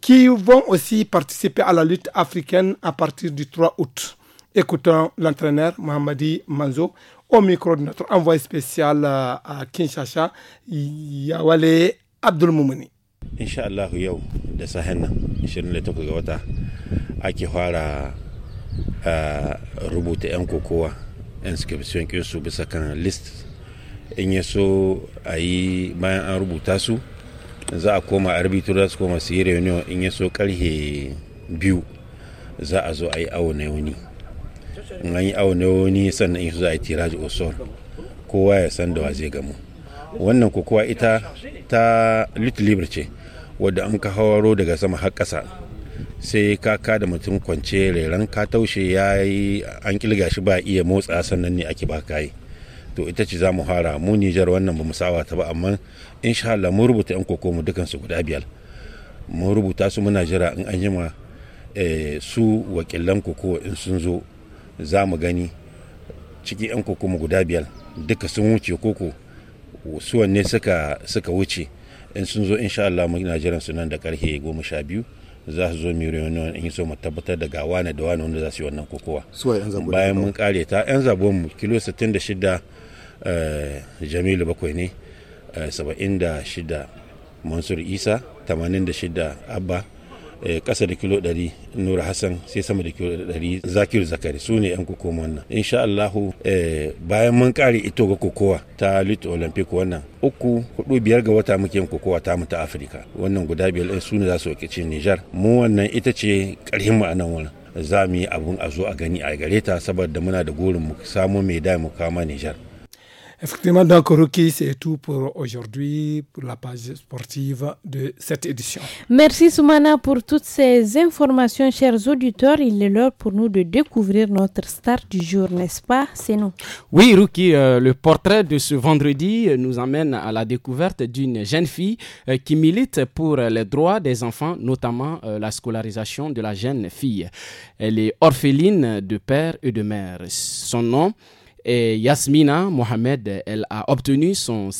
qui vont aussi participer à la lutte africaine à partir du 3 août. Écoutons l'entraîneur Mohamedi Manzo au micro de notre envoyé spécial à Kinshasa, Yawale Abdul Moumouni. Inch'Allah, yau da sahen nan 28 ga wata ake fara kokowa inscription est bisa kan list in ya so a yi bayan an rubuta su za a koma arbitro za su koma su in ya so karhe biyu za a zo a yi awo na wani in an yi awo na wani sannan in za a yi tiraji osor kowa ya san da wa zai gamu wannan kokowa ita ta little libre ce wadda an ka hawaro daga sama har kasa sai ka kaka da mutum kwance reran ka taushe ya yi an kilga shi ba iya motsa sannan ne ake ba yi. to ita ce za mu fara mu nijar wannan ba mu sawa ta ba amma insha Allah mun rubuta yan koko mu dukan su guda biyar mun rubuta su muna jira in an jima eh, su wakilan koko in sun zo za mu gani ciki yan koko mu guda biyar duka sun wuce koko su wanne suka suka wuce in sun zo insha Allah mu jiran su nan da karfe goma sha biyu za su zo miliyoyin in so mu tabbatar da ga wane da wane wanda za su yi wannan kokowa bayan mun kare ta yan zabon mu kilo 66 Eh, jamilu bakwai ne 76 eh, mansur isa 86 abba eh, ƙasa da kilo 100 nura hassan sai sama da kilo 100 zakiru zakari su ne 'yan kokoma wannan insha allahu bayan mun kare ito ga kokowa ta lit olympic wannan uku hudu biyar ga wata muke kokowa ta ta afirka wannan guda biyar su ne za su wakilci nijar mu wannan ita ce karhin mu a nan wurin za mu yi abun a zo a gani a gare ta saboda muna da gurin mu samu mai da mu kama nijar Effectivement, donc Ruki, c'est tout pour aujourd'hui, pour la page sportive de cette édition. Merci Soumana pour toutes ces informations, chers auditeurs. Il est l'heure pour nous de découvrir notre star du jour, n'est-ce pas C'est nous. Oui, Ruki, euh, le portrait de ce vendredi euh, nous amène à la découverte d'une jeune fille euh, qui milite pour les droits des enfants, notamment la scolarisation de la jeune fille. Elle est orpheline de père et de mère. Son nom et Yasmina Mohamed, elle a obtenu son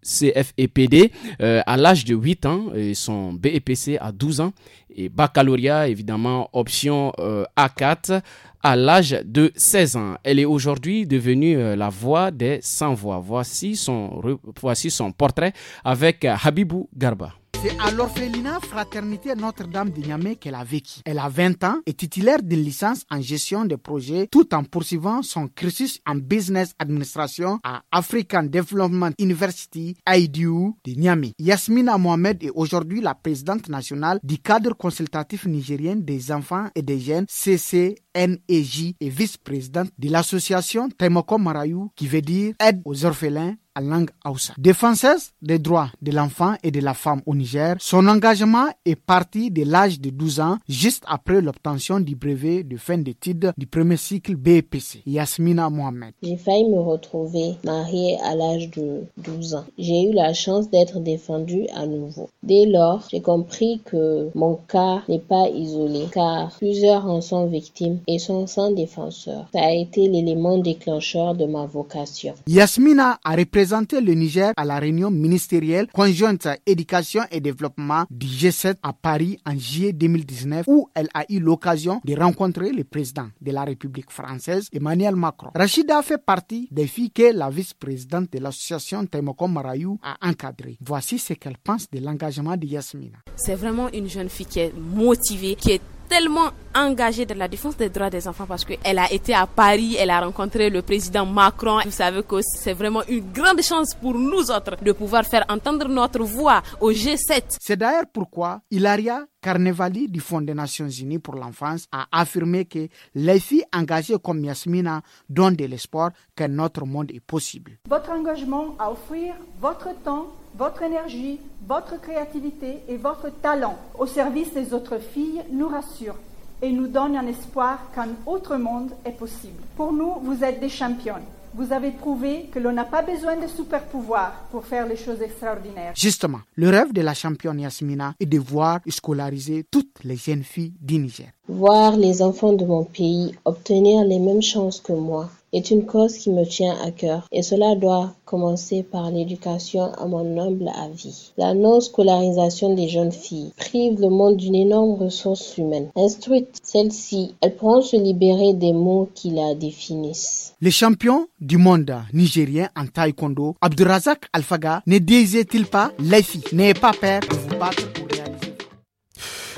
CFEPD euh, à l'âge de 8 ans, et son BEPC à 12 ans et baccalauréat évidemment option euh, A4 à l'âge de 16 ans. Elle est aujourd'hui devenue euh, la voix des sans voix. Voici son, voici son portrait avec Habibou Garba. C'est à l'orphelinat Fraternité Notre-Dame de Niamey qu'elle a vécu. Elle a 20 ans et titulaire d'une licence en gestion de projet tout en poursuivant son cursus en business administration à African Development University, IDU de Niamey. Yasmina Mohamed est aujourd'hui la présidente nationale du cadre consultatif nigérien des enfants et des jeunes CCNEJ et vice-présidente de l'association Temoko Marayou qui veut dire aide aux orphelins langue Hausa. Défenseuse des droits de l'enfant et de la femme au Niger, son engagement est parti de l'âge de 12 ans, juste après l'obtention du brevet de fin d'études du premier cycle bpc Yasmina Mohamed. J'ai failli me retrouver mariée à l'âge de 12 ans. J'ai eu la chance d'être défendue à nouveau. Dès lors, j'ai compris que mon cas n'est pas isolé, car plusieurs en sont victimes et sont sans défenseur. Ça a été l'élément déclencheur de ma vocation. Yasmina a représenté présenté le Niger à la réunion ministérielle conjointe éducation et développement du G7 à Paris en juillet 2019 où elle a eu l'occasion de rencontrer le président de la République française Emmanuel Macron. Rachida fait partie des filles que la vice-présidente de l'association Temoko Marayou a encadré. Voici ce qu'elle pense de l'engagement de Yasmina. C'est vraiment une jeune fille qui est motivée, qui est tellement engagée dans la défense des droits des enfants parce qu'elle a été à Paris, elle a rencontré le président Macron. Vous savez que c'est vraiment une grande chance pour nous autres de pouvoir faire entendre notre voix au G7. C'est d'ailleurs pourquoi Ilaria Carnevali du Fonds des Nations Unies pour l'enfance a affirmé que les filles engagées comme Yasmina donnent de l'espoir que notre monde est possible. Votre engagement à offrir votre temps votre énergie, votre créativité et votre talent au service des autres filles nous rassurent et nous donnent un espoir qu'un autre monde est possible. Pour nous, vous êtes des championnes. Vous avez prouvé que l'on n'a pas besoin de super-pouvoirs pour faire les choses extraordinaires. Justement, le rêve de la championne Yasmina est de voir scolariser toutes les jeunes filles du Niger. Voir les enfants de mon pays obtenir les mêmes chances que moi est une cause qui me tient à cœur et cela doit commencer par l'éducation à mon humble avis. La non-scolarisation des jeunes filles prive le monde d'une énorme ressource humaine. Instruite, celle-ci, elles pourront se libérer des mots qui la définissent. Les champions du monde nigérien en taekwondo, Abdurazak Alfaga, ne disait-il pas Les filles, n'ayez pas peur de vous battre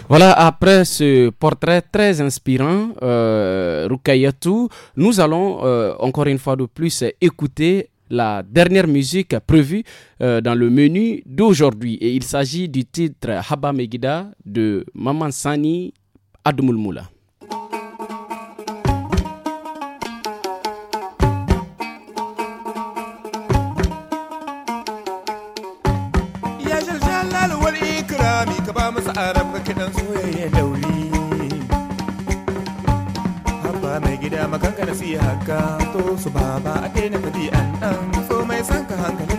voilà, après ce portrait très inspirant, euh, nous allons euh, encore une fois de plus écouter la dernière musique prévue euh, dans le menu d'aujourd'hui. Et il s'agit du titre Haba Megida de Maman Sani Admoulmoula. a kanka siya ka to su baba a daina fadi an dan so mai sanka hankali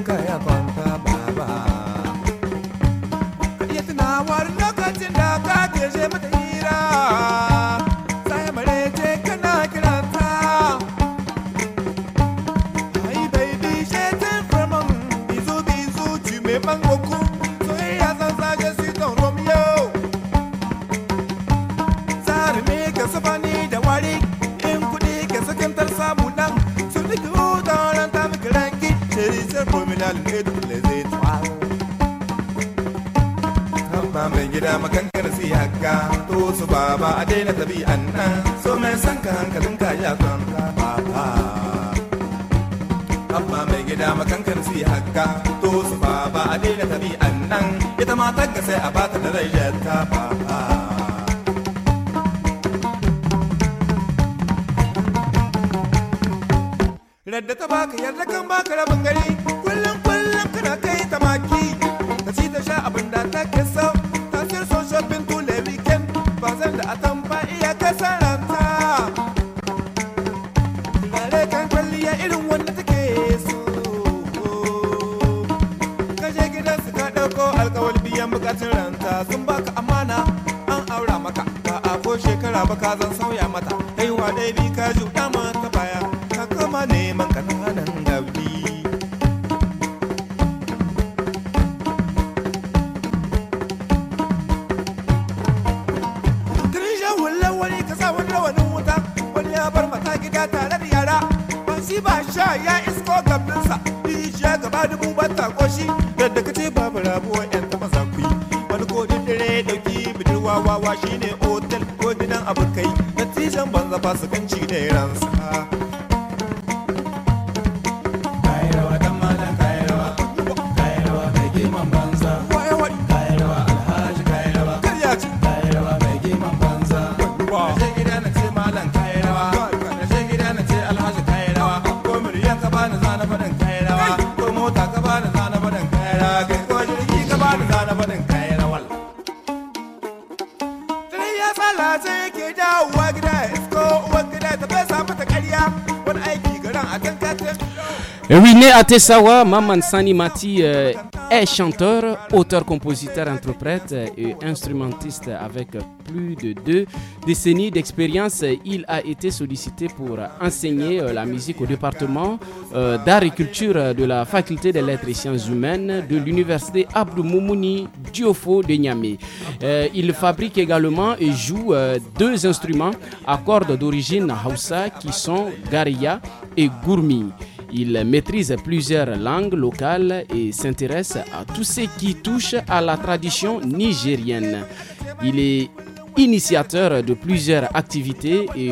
sirfu min alhaidu da zai tsaro amma mai gida makankar si haka to su baba a daina tabi'an nan so mai san ka hankalin ka ya kwanta baba amma mai gida makankar si haka to su baba a daina tabi'an nan ita ma tagga sai a bata da rai ta baba Radda ta baka yarda kan baka rabin gari kullum kullum kana kai ta maki ta ci ta sha abin da ta ke so ta sir so shopping to weekend ba zan da atan ba iya kasaranta bare kan kwalliya irin wanda take so kaje gidan su ka dauko alkawal biyan bukatun ranta sun baka amana an aura maka ba a ko shekara ba ka zan sauya mata kaiwa dai bi ka juta mata ba sha ya isko gabinsa rijiya gaba dubu ba ta koshi yadda ka ce babu rabuwa yan taba za wani kodin dare dauki budurwa wawa shine otel ko gidan kai natijan banza fasikanci ne ransa power. Et né à Tessawa, Maman Sani Mati euh, est chanteur, auteur, compositeur, interprète et instrumentiste avec plus de deux décennies d'expérience. Il a été sollicité pour enseigner euh, la musique au département euh, d'art et culture de la faculté des lettres et sciences humaines de l'université Abdou Moumouni Diofo de Niamey. il fabrique également et joue deux instruments à cordes d'origine Hausa qui sont Garia et Gourmi. Il maîtrise plusieurs langues locales et s'intéresse à tout ce qui touche à la tradition nigérienne. Il est initiateur de plusieurs activités et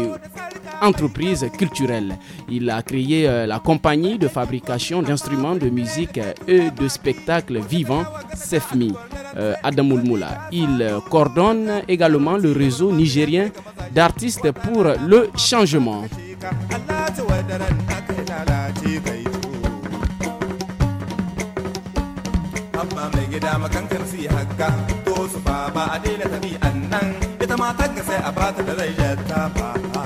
entreprises culturelles. Il a créé euh, la compagnie de fabrication d'instruments de musique et de spectacles vivants, SEFMI, euh, Adamoulmoula. Il coordonne également le réseau nigérien d'artistes pour le changement. ka Allah ta wadaran haka lalace kai to amma mai gida makankan yi haka to su baba ba a daina tabi annan ita matan tanka sai a bata da rai ta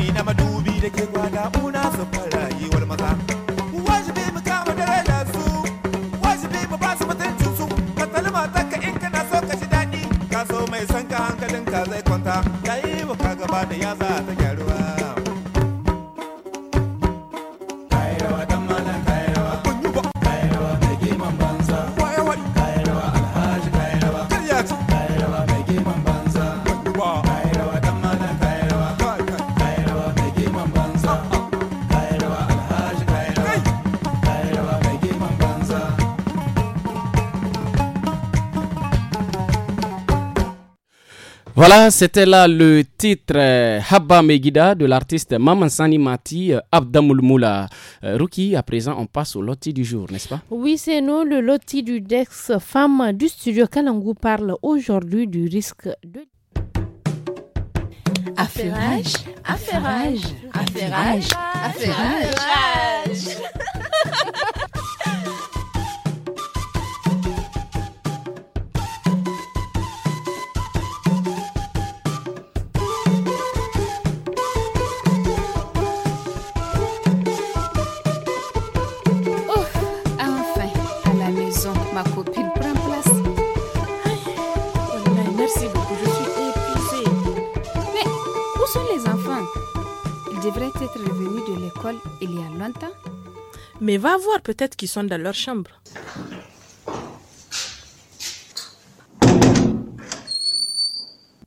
mukami madubi da ke gwada una su rayuwar maza wajibi mu kama da su wajibi mu ba su mutuncin su ka talma taka in kana so ka ji daɗi ka so mai son ka hankalin ka zai kwanta ka yi wa ka gaba da ya za ta gyara Voilà, c'était là le titre euh, Habba Megida de l'artiste Mamansani Mati euh, Abdamoulmoula. Euh, Ruki, à présent, on passe au loti du jour, n'est-ce pas Oui, c'est nous. Le loti du Dex Femme du studio Kalangu parle aujourd'hui du risque de. Affairage, affairage, affairage, affairage. devraient être revenus de l'école il y a longtemps. Mais va voir peut-être qu'ils sont dans leur chambre.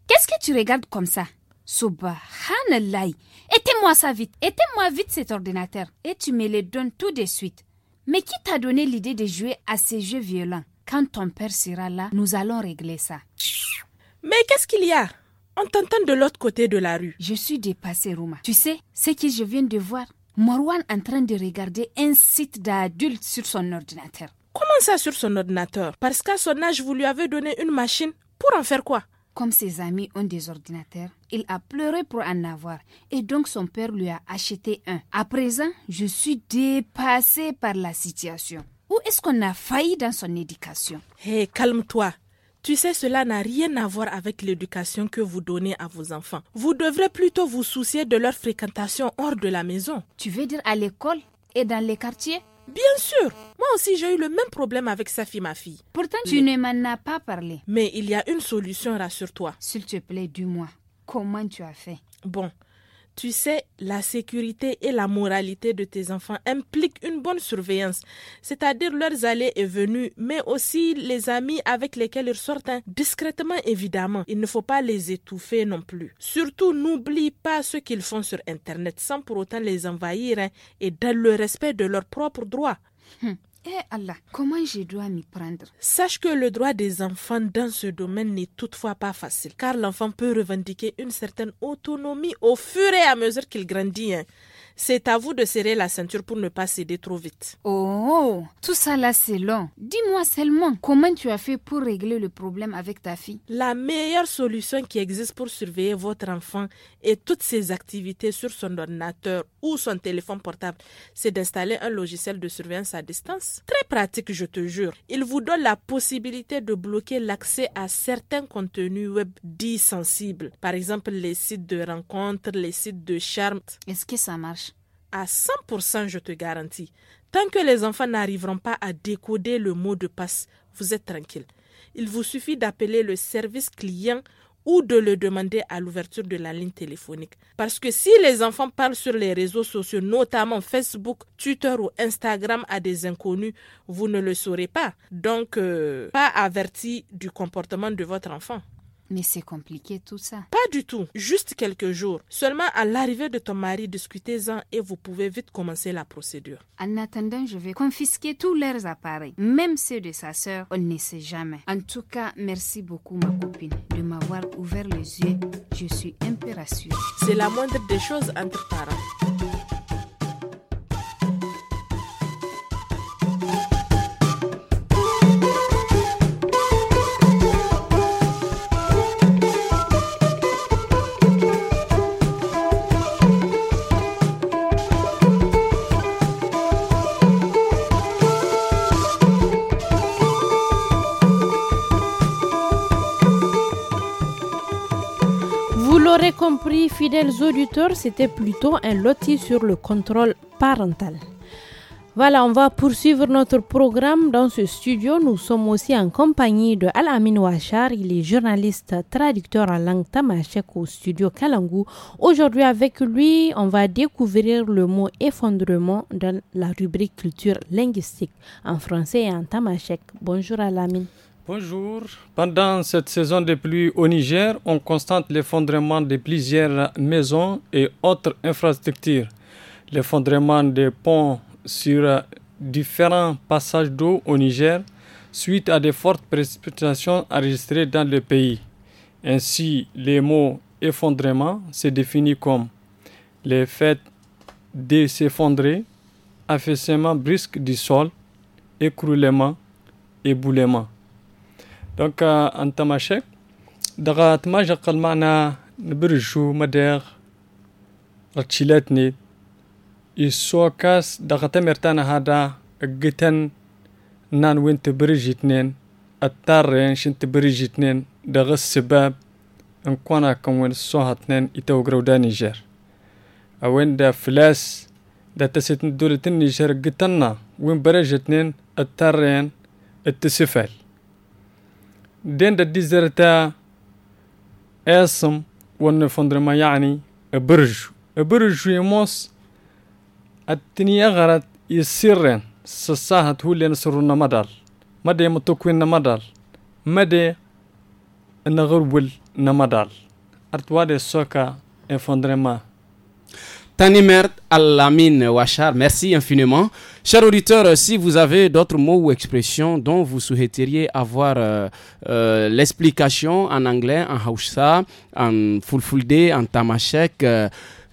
Qu'est-ce que tu regardes comme ça Subhanallah Éteins-moi ça vite Éteins-moi vite cet ordinateur Et tu me le donnes tout de suite Mais qui t'a donné l'idée de jouer à ces jeux violents Quand ton père sera là, nous allons régler ça. Mais qu'est-ce qu'il y a on t'entend de l'autre côté de la rue. Je suis dépassée, Rouma. Tu sais, ce que je viens de voir, Morwan en train de regarder un site d'adultes sur son ordinateur. Comment ça sur son ordinateur Parce qu'à son âge, vous lui avez donné une machine. Pour en faire quoi Comme ses amis ont des ordinateurs, il a pleuré pour en avoir. Et donc son père lui a acheté un. À présent, je suis dépassée par la situation. Où est-ce qu'on a failli dans son éducation Hé, calme-toi. Tu sais, cela n'a rien à voir avec l'éducation que vous donnez à vos enfants. Vous devrez plutôt vous soucier de leur fréquentation hors de la maison. Tu veux dire à l'école et dans les quartiers Bien sûr Moi aussi, j'ai eu le même problème avec Safi, ma fille. Pourtant, tu ne m'en as pas parlé. Mais il y a une solution, rassure-toi. S'il te plaît, dis-moi, comment tu as fait Bon, tu sais, la sécurité et la moralité de tes enfants impliquent une bonne surveillance, c'est-à-dire leurs allées et venues, mais aussi les amis avec lesquels ils sortent, hein, discrètement évidemment. Il ne faut pas les étouffer non plus. Surtout, n'oublie pas ce qu'ils font sur Internet sans pour autant les envahir hein, et dans le respect de leurs propres droits. Hum. Eh Allah, comment je dois m'y prendre Sache que le droit des enfants dans ce domaine n'est toutefois pas facile, car l'enfant peut revendiquer une certaine autonomie au fur et à mesure qu'il grandit. Hein c'est à vous de serrer la ceinture pour ne pas céder trop vite. Oh, tout ça là, c'est long. Dis-moi seulement, comment tu as fait pour régler le problème avec ta fille La meilleure solution qui existe pour surveiller votre enfant et toutes ses activités sur son ordinateur ou son téléphone portable, c'est d'installer un logiciel de surveillance à distance. Très pratique, je te jure. Il vous donne la possibilité de bloquer l'accès à certains contenus web dits sensibles. Par exemple, les sites de rencontres, les sites de charme. Est-ce que ça marche à 100%, je te garantis. Tant que les enfants n'arriveront pas à décoder le mot de passe, vous êtes tranquille. Il vous suffit d'appeler le service client ou de le demander à l'ouverture de la ligne téléphonique. Parce que si les enfants parlent sur les réseaux sociaux, notamment Facebook, Twitter ou Instagram à des inconnus, vous ne le saurez pas. Donc, euh, pas averti du comportement de votre enfant. Mais c'est compliqué tout ça. Pas du tout, juste quelques jours. Seulement à l'arrivée de ton mari, discutez-en et vous pouvez vite commencer la procédure. En attendant, je vais confisquer tous leurs appareils, même ceux de sa sœur, on ne sait jamais. En tout cas, merci beaucoup ma copine de m'avoir ouvert les yeux. Je suis un C'est la moindre des choses entre parents. compris, fidèles auditeurs, c'était plutôt un loti sur le contrôle parental. Voilà, on va poursuivre notre programme dans ce studio. Nous sommes aussi en compagnie de Alamin amin Ouachar. Il est journaliste traducteur en langue tamashek au studio Kalangu. Aujourd'hui, avec lui, on va découvrir le mot effondrement dans la rubrique culture linguistique en français et en tamashek. Bonjour al Bonjour. Pendant cette saison de pluie au Niger, on constate l'effondrement de plusieurs maisons et autres infrastructures. L'effondrement des ponts sur différents passages d'eau au Niger suite à de fortes précipitations enregistrées dans le pays. Ainsi, les mots effondrement se définit comme les faits de s'effondrer, affaissement brusque du sol, écroulement, éboulement. دونك euh, انت ماشيك دغا تماجا قال معنا نبرجو مدير رتشيلاتني يسوكاس دغا تمرتانا هذا جتن نان وين تبرج اتنين اتارين شن تبرج اتنين دغا السباب ان كم وين الصوها اتنين غرو دا نيجر اوين دا فلاس دا تسيتن دولة النيجر جتنا وين برج اتنين التارين التسفل دين دي زرتا اسم ون فندرما يعني برج برج يموس التنية غرت يسيرن سساها هو اللي نسرنا مدار مدى متكوين مدار مدى نغربل نمدار أرتوالي سوكا فندرما al Alamine Wachar, merci infiniment. Chers auditeurs, euh, si vous avez d'autres mots ou expressions dont vous souhaiteriez avoir euh, euh, l'explication en anglais, en haoussa, en Fulfulde, en Tamashek,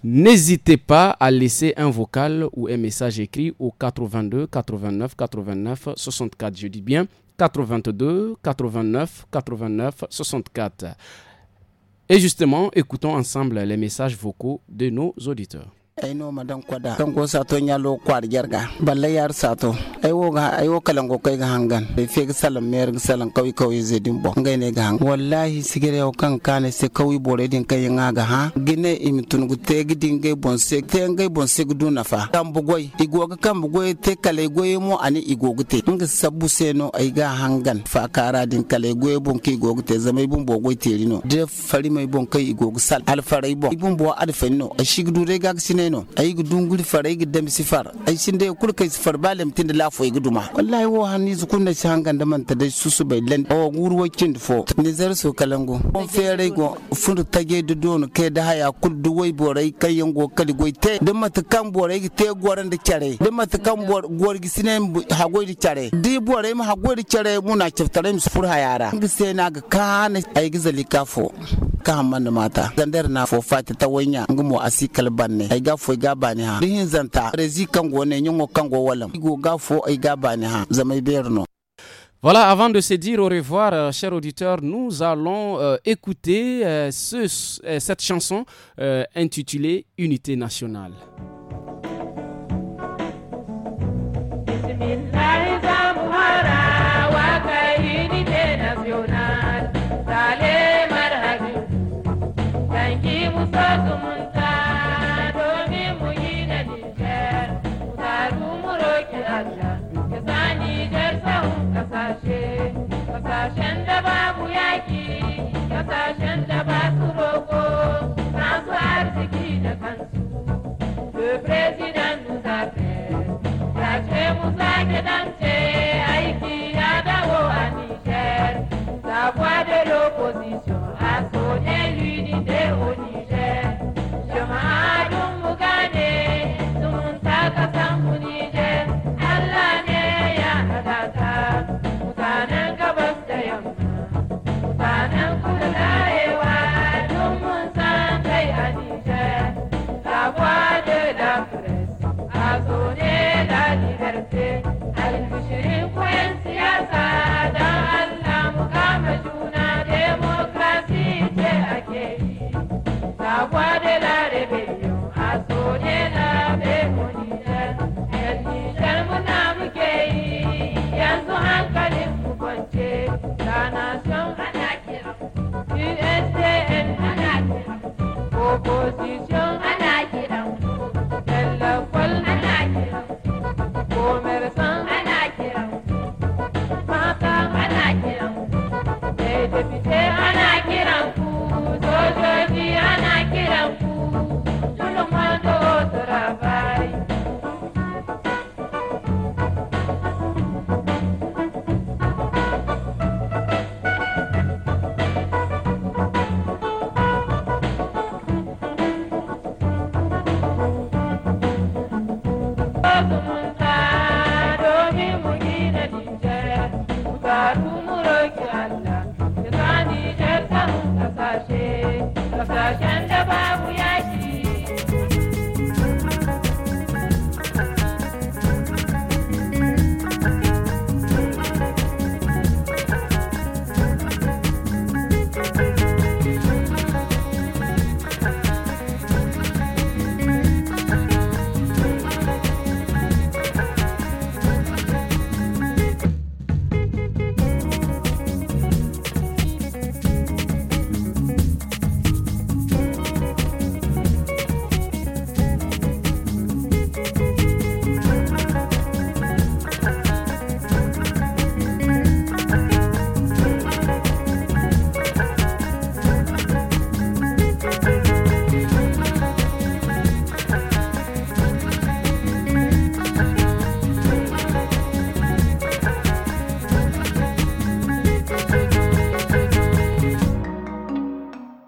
N'hésitez pas à laisser un vocal ou un message écrit au 82 89 89 64. Je dis bien 82 89 89 64. Et justement, écoutons ensemble les messages vocaux de nos auditeurs aino madan kwada kan sato nyalo kwar jarga sato ai wo ga hangan be Feg salam mer ga salam kawi kawi zedin bo ngai wallahi sigere o kan kane se kawi din ga ha gine im gu te din ngai fa bu goy mo ani igogute gu te nga hangan fa din kale goy bon ki go gu de fari mai bon alfaray sal al farai bon ibun a sine no ay ga dunguri far ay ga damsi far ay sinde kul kai far balem tinde lafo ay duma wallahi wo han ni kunna shi hangan da man ta dai susu bai lan o gurwa kin fo ni zar su kalango on fere go fun tage da don kai da haya kul du bo borai kay yango kali goi te da mata kan borai te goran da kyare da mata kan gor gisine hagoi da kyare di ma hagoi da kyare muna kyaftare mu fur hayara ga sai na ga kana ay ga zalika fo ka hamman da mata zandar na fofa ta tawanya ngumo asikal banne ai ga ga bani ha dihin zanta rezi kango ne nyongo kango walam igo ga fo ai ga bani ha zamai berno Voilà, avant de se dire au revoir, euh, chers auditeurs, nous allons euh, écouter euh, ce, euh, cette chanson euh, intitulée Unité nationale. da babu yaki kasashen da ba su roko masu arziki da kansu le president nous appelle sachez vous ce que